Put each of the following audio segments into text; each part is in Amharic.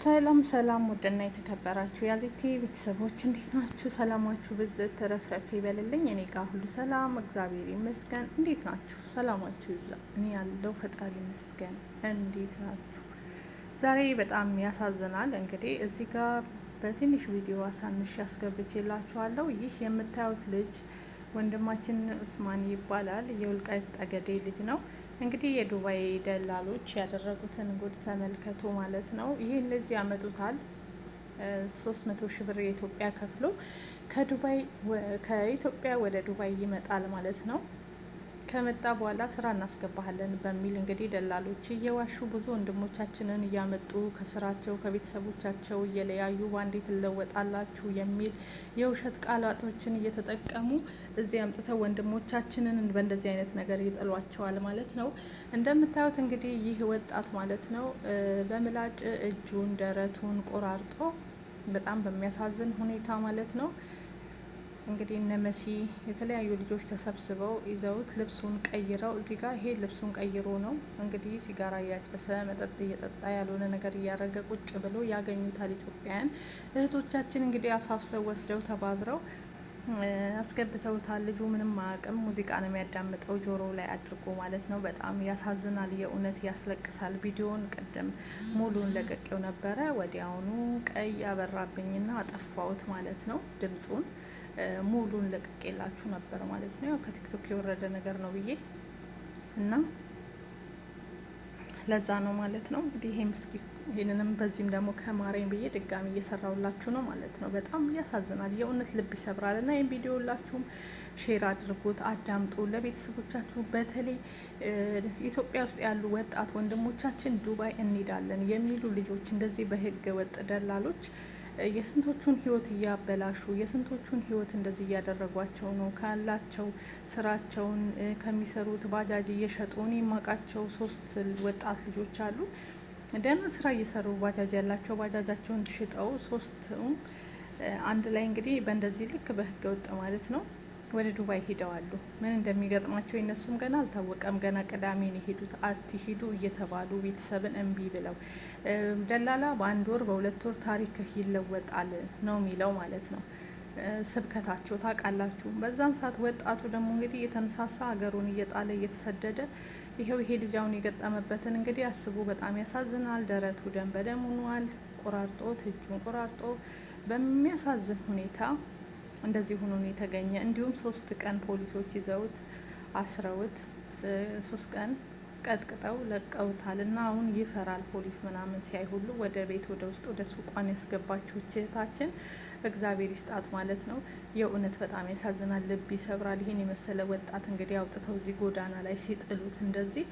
ሰላም ሰላም፣ ውድና የተከበራችሁ ያዜቴ ቤተሰቦች እንዴት ናችሁ? ሰላማችሁ ብዝት ተረፍረፍ ይበልልኝ። እኔ ጋር ሁሉ ሰላም እግዚአብሔር ይመስገን። እንዴት ናችሁ? ሰላማችሁ ይብዛ። እኔ ያለው ፈጣሪ ይመስገን። እንዴት ናችሁ? ዛሬ በጣም ያሳዝናል። እንግዲህ እዚህ ጋር በትንሽ ቪዲዮ አሳንሽ ያስገብቼላችኋለሁ። ይህ የምታዩት ልጅ ወንድማችን ኡስማን ይባላል። የውልቃይት ጠገዴ ልጅ ነው። እንግዲህ የዱባይ ደላሎች ያደረጉትን ጉድ ተመልከቱ ማለት ነው። ይህ ልጅ ያመጡታል። ሶስት መቶ ሺ ብር የኢትዮጵያ ከፍሎ ከዱባይ ከኢትዮጵያ ወደ ዱባይ ይመጣል ማለት ነው። ከመጣ በኋላ ስራ እናስገባሃለን በሚል እንግዲህ ደላሎች እየዋሹ ብዙ ወንድሞቻችንን እያመጡ ከስራቸው ከቤተሰቦቻቸው እየለያዩ ባንዴ ትለወጣላችሁ የሚል የውሸት ቃላቶችን እየተጠቀሙ እዚህ አምጥተው ወንድሞቻችንን በእንደዚህ አይነት ነገር ይጥሏቸዋል ማለት ነው። እንደምታዩት እንግዲህ ይህ ወጣት ማለት ነው በምላጭ እጁን ደረቱን ቆራርጦ በጣም በሚያሳዝን ሁኔታ ማለት ነው እንግዲህ እነ መሲ የተለያዩ ልጆች ተሰብስበው ይዘውት ልብሱን ቀይረው እዚህ ጋር ይሄ ልብሱን ቀይሮ ነው እንግዲህ ሲጋራ እያጨሰ መጠጥ እየጠጣ ያልሆነ ነገር እያደረገ ቁጭ ብሎ ያገኙታል። ኢትዮጵያውያን እህቶቻችን እንግዲህ አፋፍሰው ወስደው ተባብረው አስገብተውታል። ልጁ ምንም አያውቅም። ሙዚቃ ነው የሚያዳምጠው ጆሮ ላይ አድርጎ ማለት ነው። በጣም ያሳዝናል። የእውነት ያስለቅሳል። ቪዲዮን ቅድም ሙሉን ለቀቄው ነበረ። ወዲያውኑ ቀይ አበራብኝና አጠፋውት ማለት ነው ድምፁን ሙሉን ለቅቄላችሁ ነበር ማለት ነው። ያው ከቲክቶክ የወረደ ነገር ነው ብዬ እና ለዛ ነው ማለት ነው። እንግዲህ ይሄ ምስኪ ይሄንንም በዚህም ደግሞ ከማረኝ ብዬ ድጋሚ እየሰራውላችሁ ነው ማለት ነው። በጣም ያሳዝናል፣ የእውነት ልብ ይሰብራል። እና ይህን ቪዲዮ ሁላችሁም ሼር አድርጉት፣ አዳምጡ ለቤተሰቦቻችሁ። በተለይ ኢትዮጵያ ውስጥ ያሉ ወጣት ወንድሞቻችን ዱባይ እንሄዳለን የሚሉ ልጆች እንደዚህ በህገ ወጥ ደላሎች የስንቶቹን ህይወት እያበላሹ የስንቶቹን ህይወት እንደዚህ እያደረጓቸው ነው። ካላቸው ስራቸውን ከሚሰሩት ባጃጅ እየሸጡ እኔ የማውቃቸው ሶስት ወጣት ልጆች አሉ። ደህና ስራ እየሰሩ ባጃጅ ያላቸው ባጃጃቸውን ሽጠው ሶስቱም አንድ ላይ እንግዲህ በእንደዚህ ልክ በህገ ወጥ ማለት ነው ወደ ዱባይ ሄደዋሉ። ምን እንደሚገጥማቸው የነሱም ገና አልታወቀም። ገና ቅዳሜ ነው የሄዱት። አትሂዱ እየተባሉ ቤተሰብን እምቢ ብለው ደላላ በአንድ ወር በሁለት ወር ታሪክ ይለወጣል ነው የሚለው ማለት ነው። ስብከታቸው ታውቃላችሁ። በዛን ሰዓት ወጣቱ ደግሞ እንግዲህ የተነሳሳ ሀገሩን እየጣለ እየተሰደደ ይኸው ይሄ ልጃውን የገጠመበትን እንግዲህ አስቡ። በጣም ያሳዝናል። ደረቱ ደም በደም ሆኗል። ቆራርጦት እጁን ቆራርጦ በሚያሳዝን ሁኔታ እንደዚህ ሆኖ ነው የተገኘ። እንዲሁም ሶስት ቀን ፖሊሶች ይዘውት አስረውት ሶስት ቀን ቀጥቅጠው ለቀውታል እና አሁን ይፈራል ፖሊስ ምናምን ሲያይ ሁሉ ወደ ቤት ወደ ውስጥ ወደ ሱቋን ያስገባችሁ እህታችን እግዚአብሔር ይስጣት ማለት ነው። የእውነት በጣም ያሳዝናል፣ ልብ ይሰብራል። ይህን የመሰለ ወጣት እንግዲህ አውጥተው እዚህ ጎዳና ላይ ሲጥሉት እንደዚህ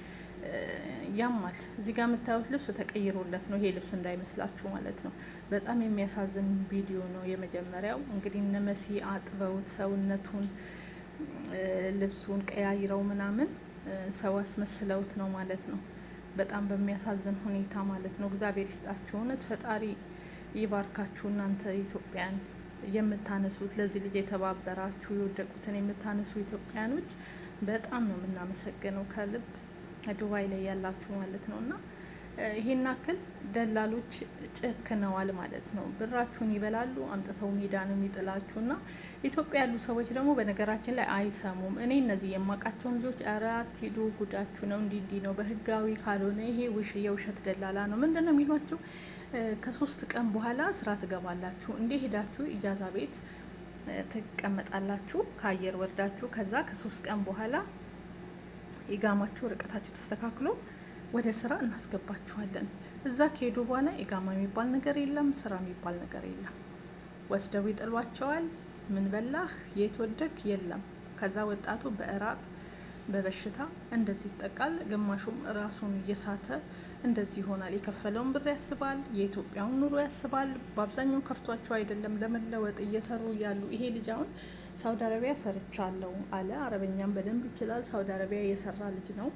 ያማል። እዚህ ጋር የምታዩት ልብስ ተቀይሮለት ነው። ይሄ ልብስ እንዳይመስላችሁ ማለት ነው። በጣም የሚያሳዝን ቪዲዮ ነው። የመጀመሪያው እንግዲህ እነ መሲ አጥበውት ሰውነቱን ልብሱን ቀያይረው ምናምን ሰው አስመስለውት ነው ማለት ነው። በጣም በሚያሳዝን ሁኔታ ማለት ነው። እግዚአብሔር ይስጣችሁ። እውነት ፈጣሪ ይባርካችሁ። እናንተ ኢትዮጵያን የምታነሱት ለዚህ ልጅ የተባበራችሁ የወደቁትን የምታነሱ ኢትዮጵያኖች በጣም ነው የምናመሰግነው ከልብ ዱባይ ላይ ያላችሁ ማለት ነው እና ይሄን አክል ደላሎች ጨክነዋል ማለት ነው። ብራችሁን ይበላሉ፣ አምጥተው ሜዳ ነው የሚጥላችሁና ኢትዮጵያ ያሉ ሰዎች ደግሞ በነገራችን ላይ አይሰሙም። እኔ እነዚህ የማውቃቸውን ልጆች አራት ሂዱ ጉዳችሁ ነው እንዲ ነው፣ በህጋዊ ካልሆነ ይሄ ውሽ የውሸት ደላላ ነው ምንድን ነው የሚሏቸው። ከሶስት ቀን በኋላ ስራ ትገባላችሁ፣ እንዴ ሄዳችሁ ኢጃዛ ቤት ትቀመጣላችሁ፣ ከአየር ወርዳችሁ፣ ከዛ ከሶስት ቀን በኋላ ኢጋማችሁ ርቀታችሁ ተስተካክሎ ወደ ስራ እናስገባችኋለን። እዛ ከሄዱ በኋላ ኢቃማ የሚባል ነገር የለም፣ ስራ የሚባል ነገር የለም። ወስደው ይጥሏቸዋል። ምን በላህ የት ወደክ የለም። ከዛ ወጣቱ በእራብ በበሽታ እንደዚህ ይጠቃል። ግማሹም ራሱን እየሳተ እንደዚህ ይሆናል። የከፈለውን ብር ያስባል፣ የኢትዮጵያውን ኑሮ ያስባል። በአብዛኛው ከፍቷቸው አይደለም ለመለወጥ እየሰሩ ያሉ። ይሄ ልጅ አሁን ሳውዲ አረቢያ ሰርቻለሁ አለ። አረበኛም በደንብ ይችላል። ሳውዲ አረቢያ የሰራ ልጅ ነው።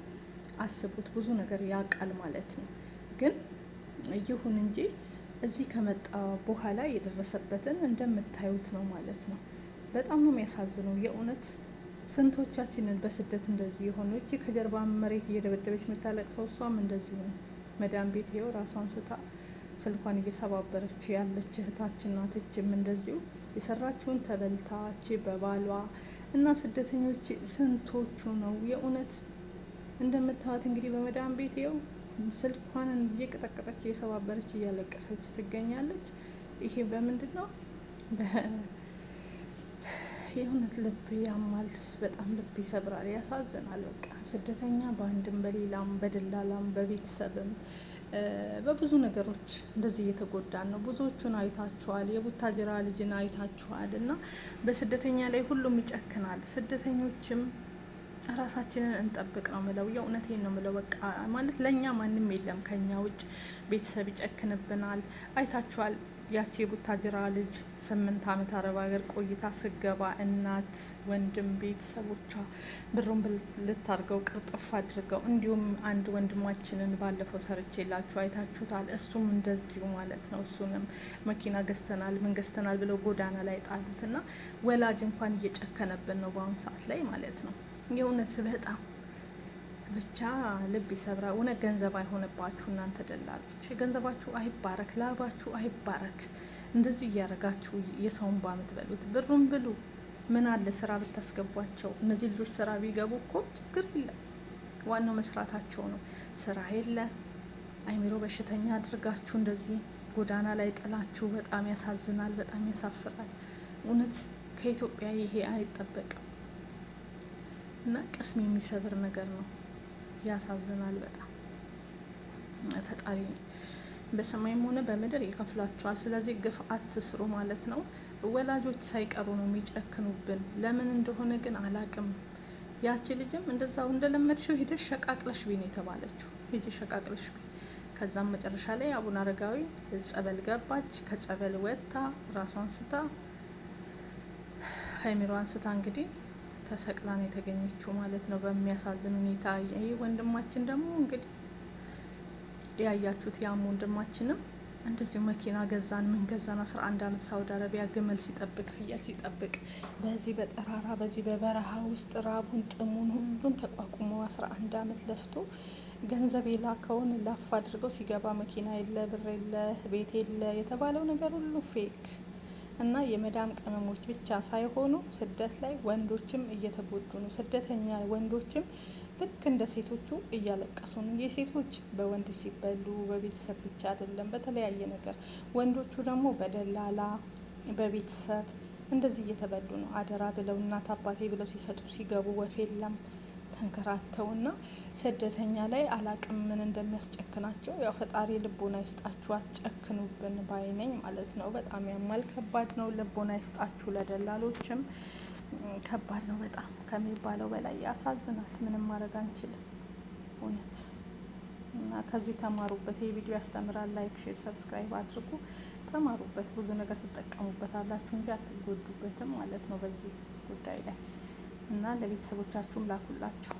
አስቡት ብዙ ነገር ያውቃል ማለት ነው። ግን ይሁን እንጂ እዚህ ከመጣ በኋላ የደረሰበትን እንደምታዩት ነው ማለት ነው። በጣም ነው የሚያሳዝነው የእውነት ስንቶቻችንን በስደት እንደዚህ የሆኑ እቺ ከጀርባ መሬት እየደበደበች የምታለቅሰው እሷም እንደዚሁ ነው። መዳም ቤት ይኸው ራሷን ስታ ስልኳን እየሰባበረች ያለች እህታችን ናት። እችም እንደዚሁ የሰራችውን ተበልታች በባሏ እና ስደተኞች ስንቶቹ ነው የእውነት እንደምታዩት እንግዲህ በመዳም ቤት ይኸው ስልኳን እየቀጠቀጠች እየሰባበረች እያለቀሰች ትገኛለች። ይሄ በምንድን ነው? የእውነት ልብ ያማል። በጣም ልብ ይሰብራል፣ ያሳዝናል። በቃ ስደተኛ በአንድም በሌላም በደላላም በቤተሰብም በብዙ ነገሮች እንደዚህ እየተጎዳን ነው። ብዙዎቹን አይታችኋል። የቡታጅራ ልጅን አይታችኋል። እና በስደተኛ ላይ ሁሉም ይጨክናል። ስደተኞችም ራሳችንን እንጠብቅ ነው ምለው። የእውነቴን ነው ምለው። በቃ ማለት ለእኛ ማንም የለም ከኛ ውጭ። ቤተሰብ ይጨክንብናል። አይታችኋል። ያቺ የቡታጅራ ልጅ ስምንት አመት አረብ ሀገር ቆይታ ስገባ እናት፣ ወንድም፣ ቤተሰቦቿ ብሩን ልታርገው ቅርጥፍ አድርገው። እንዲሁም አንድ ወንድማችንን ባለፈው ሰርቼ ላችሁ አይታችሁታል። እሱም እንደዚሁ ማለት ነው። እሱንም መኪና ገዝተናል ምን ገዝተናል ብለው ጎዳና ላይ ጣሉት እና ወላጅ እንኳን እየጨከነብን ነው በአሁኑ ሰዓት ላይ ማለት ነው። የእውነት በጣም ብቻ ልብ ይሰብራ። እውነት ገንዘብ አይሆንባችሁ እናንተ ደላሎች፣ ገንዘባችሁ አይባረክ፣ ላባችሁ አይባረክ። እንደዚህ እያደረጋችሁ የሰውን ባ በሉት ብሩን ብሉ። ምን አለ ስራ ብታስገቧቸው። እነዚህ ልጆች ስራ ቢገቡ እኮ ችግር የለም። ዋናው መስራታቸው ነው። ስራ የለ አይምሮ በሽተኛ አድርጋችሁ እንደዚህ ጎዳና ላይ ጥላችሁ፣ በጣም ያሳዝናል፣ በጣም ያሳፍራል። እውነት ከኢትዮጵያ ይሄ አይጠበቅም። እና ቅስም የሚሰብር ነገር ነው። ያሳዝናል በጣም ፈጣሪ በሰማይም ሆነ በምድር ይከፍላቸዋል። ስለዚህ ግፍ አትስሩ ማለት ነው። ወላጆች ሳይቀሩ ነው የሚጨክኑብን። ለምን እንደሆነ ግን አላቅም። ያቺ ልጅም እንደዛው እንደለመድሽው ሂደሽ ሸቃቅለሽ ቢ ነው የተባለችው። ሂጂ ሸቃቅለሽ ቢ። ከዛም መጨረሻ ላይ አቡነ አረጋዊ ጸበል ገባች። ከጸበል ወጥታ ራሷን ስታ ሀይሚሯን ስታ እንግዲህ ተሰቅላ ነው የተገኘችው ማለት ነው፣ በሚያሳዝን ሁኔታ። ይህ ወንድማችን ደግሞ እንግዲህ ያያችሁት ያም ወንድማችንም እንደዚሁ መኪና ገዛን ምን ገዛን አስራ አንድ አመት ሳውዲ አረቢያ ግመል ሲጠብቅ ፍየል ሲጠብቅ በዚህ በጠራራ በዚህ በበረሃ ውስጥ ራቡን ጥሙን ሁሉን ተቋቁሞ አስራ አንድ አመት ለፍቶ ገንዘብ የላከውን ላፍ አድርገው ሲገባ መኪና የለ ብር የለ ቤት የለ የተባለው ነገር ሁሉ ፌክ እና የመዳም ቅመሞች ብቻ ሳይሆኑ ስደት ላይ ወንዶችም እየተጎዱ ነው። ስደተኛ ወንዶችም ልክ እንደ ሴቶቹ እያለቀሱ ነው። የሴቶች በወንድ ሲበሉ በቤተሰብ ብቻ አይደለም፣ በተለያየ ነገር። ወንዶቹ ደግሞ በደላላ በቤተሰብ እንደዚህ እየተበሉ ነው። አደራ ብለው እናት አባቴ ብለው ሲሰጡ ሲገቡ ወፍ የለም ተንከራተውና ስደተኛ ላይ አላቅም ምን እንደሚያስጨክናቸው። ያው ፈጣሪ ልቦና ይስጣችሁ፣ አትጨክኑብን ባይነኝ ማለት ነው። በጣም ያማል፣ ከባድ ነው። ልቦና ይስጣችሁ። ለደላሎችም ከባድ ነው በጣም ከሚባለው በላይ ያሳዝናል። ምንም ማድረግ አንችልም እውነት እና ከዚህ ተማሩበት። ይህ ቪዲዮ ያስተምራል። ላይክ፣ ሼር፣ ሰብስክራይብ አድርጉ። ተማሩበት፣ ብዙ ነገር ትጠቀሙበታላችሁ እንጂ አትጎዱበትም ማለት ነው በዚህ ጉዳይ ላይ እና ለቤተሰቦቻችሁም ላኩላቸው።